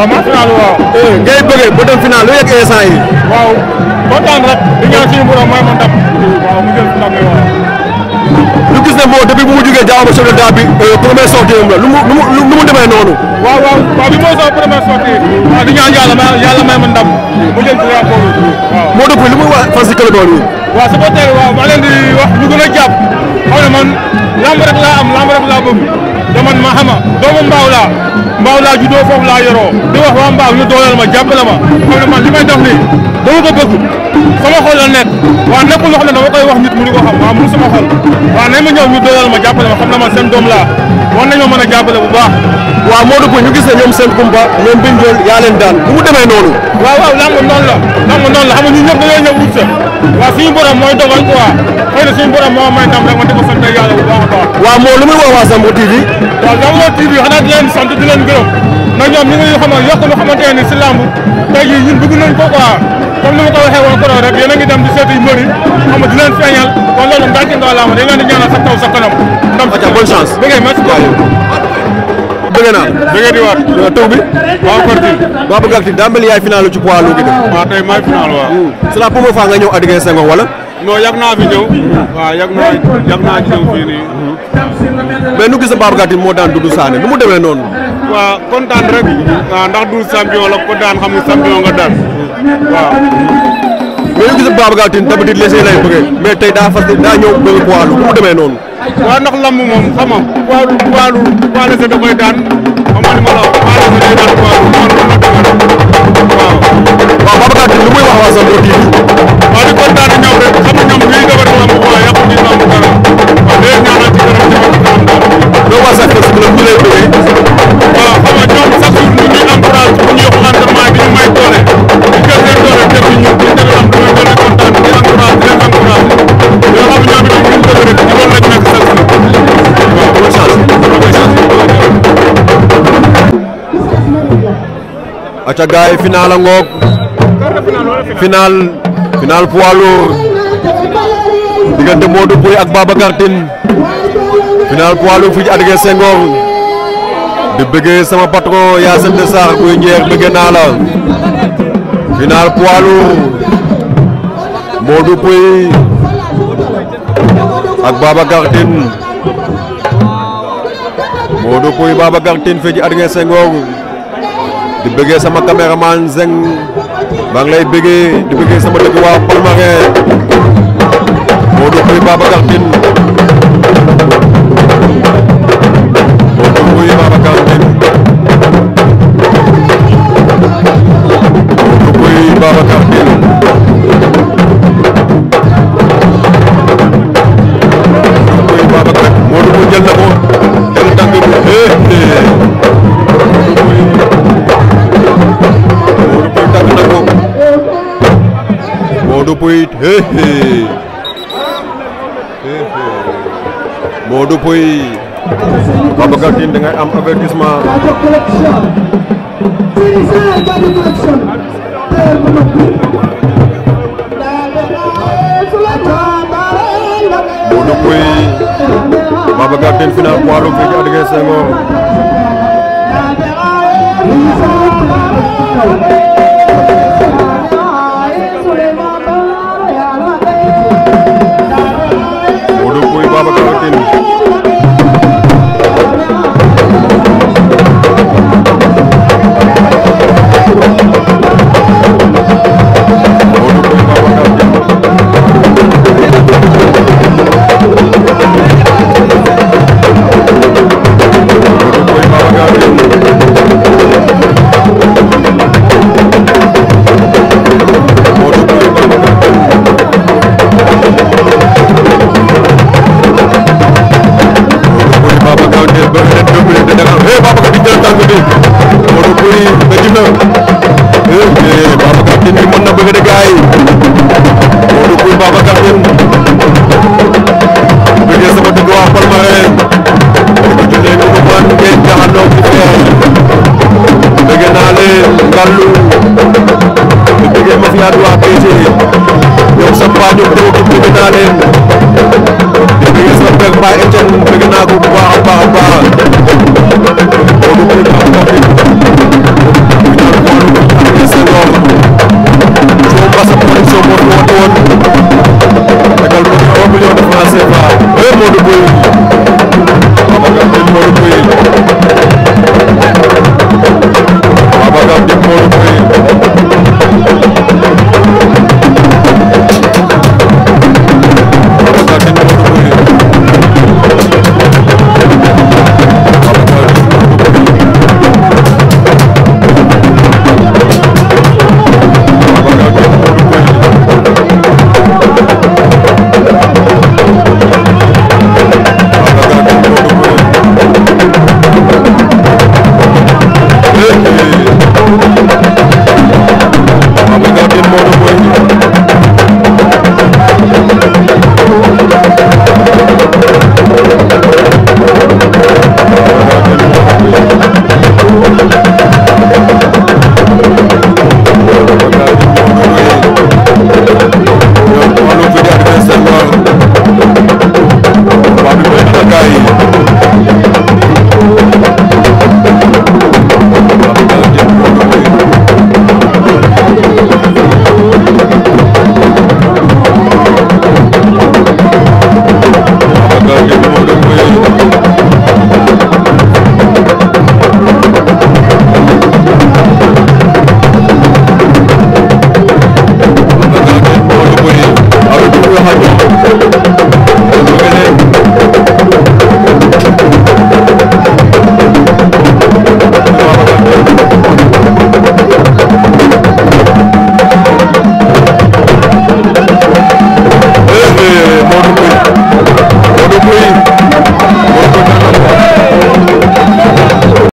waaw man final waaw. Eh, ngay bëggee ba dem final lu yegg instant yi waaw kontaan rek di ñaan suñu borom mooy ma gis ne moo depuis mu jugee jaaw ma chef de daa bi eh, première sortie mu lu mu demee noonu. waaw waaw waaw bi mooy sama première sortie. waaw di ñaan yàlla may ma mu jël ci rapport moo dëpp li mu wax fan si kële bool yi. waaw supporter waaw maa leen di wax ñu gën a jàpp xam ne lamb rek laa am lamb rek laa bëgg. man ma xama doomu mbaaw laa mbaaw laa juddoo foofu laa yoroo di wax waa mbaaw ñu dooleel ma jàppale ma xam ne man li may def nii dama ko bëgg sama xol la nekk waa nekkul loo xam ne dama koy wax nit mu di ko xam waa mu sama xol waa nañ ma ñëw ñu dooleel ma jàppale ma xam na man seen doom laa war nañ ma mën a jàppale bu baax waaw Modou Pouye ñu gis ne ñoom seen kumpa ñoom biñ jël yaa bu mu demee noonu waaw waaw mooy dogal bu baax a moo lu muy waa Zambro TV waaw Zalmbo TV xanaa di leen sant di leen gërëm nag ñoom ñu ngi xam yokk lu xamante ne si làmb tey jii ñun bëgg nañ ko quoi comme ni ma ko waxee woon koro rek yéen a ngi dem di seeti mbër yi xam nga di leen feeñal kon loolu mbàcc nga làmb dañ leen di sa kaw sa kanam. ndam si bonne chance bëgg naa merci naa bëgg di waat taw bi waaw parti waaw bëgg actif daa mel yaay final ci poids lourd gi dem tey maay final waaw hmm. c'est la première fois nga mais nu gis na Babacar moo daan Doudou Sané nu mu demee noonu. waaw kontaan rek. waaw ndax Doudou champion la ko daan xam nga champion nga daan. waaw. mais ñu gis Babacar Tine tamit léssé lay bëggee mais tey daa fas daa ñëw bëgg poids lu nu mu demee noonu. waaw ndax lamb moom xam nga poids da koy daan xam nga ni ma la wax poids day daan. aca gaay final ngok final final poids digante Modou boy ak Babacar tin final poids Fiji fii ci di bëggee sama patron yassine de sar boy ñeex final poids Modou boy ak Babacar tin Modou boy Babacar tin fi ci di bëggee sama caméraman Zeng maa ngi lay bëggee di bëggee sama dëkk waa moo dox li Babacar Tine పోయి hehe hehe Pouye Babacar dengan am avertissement Modou Pouye Babacar Tine final poids final fii ci Fallou di bëggee ma fi àddu waa PC ñoom sa paa ñoom dama ko bëgg naa leen di bëggee sama père Baye Etienne bëgg naa ko a a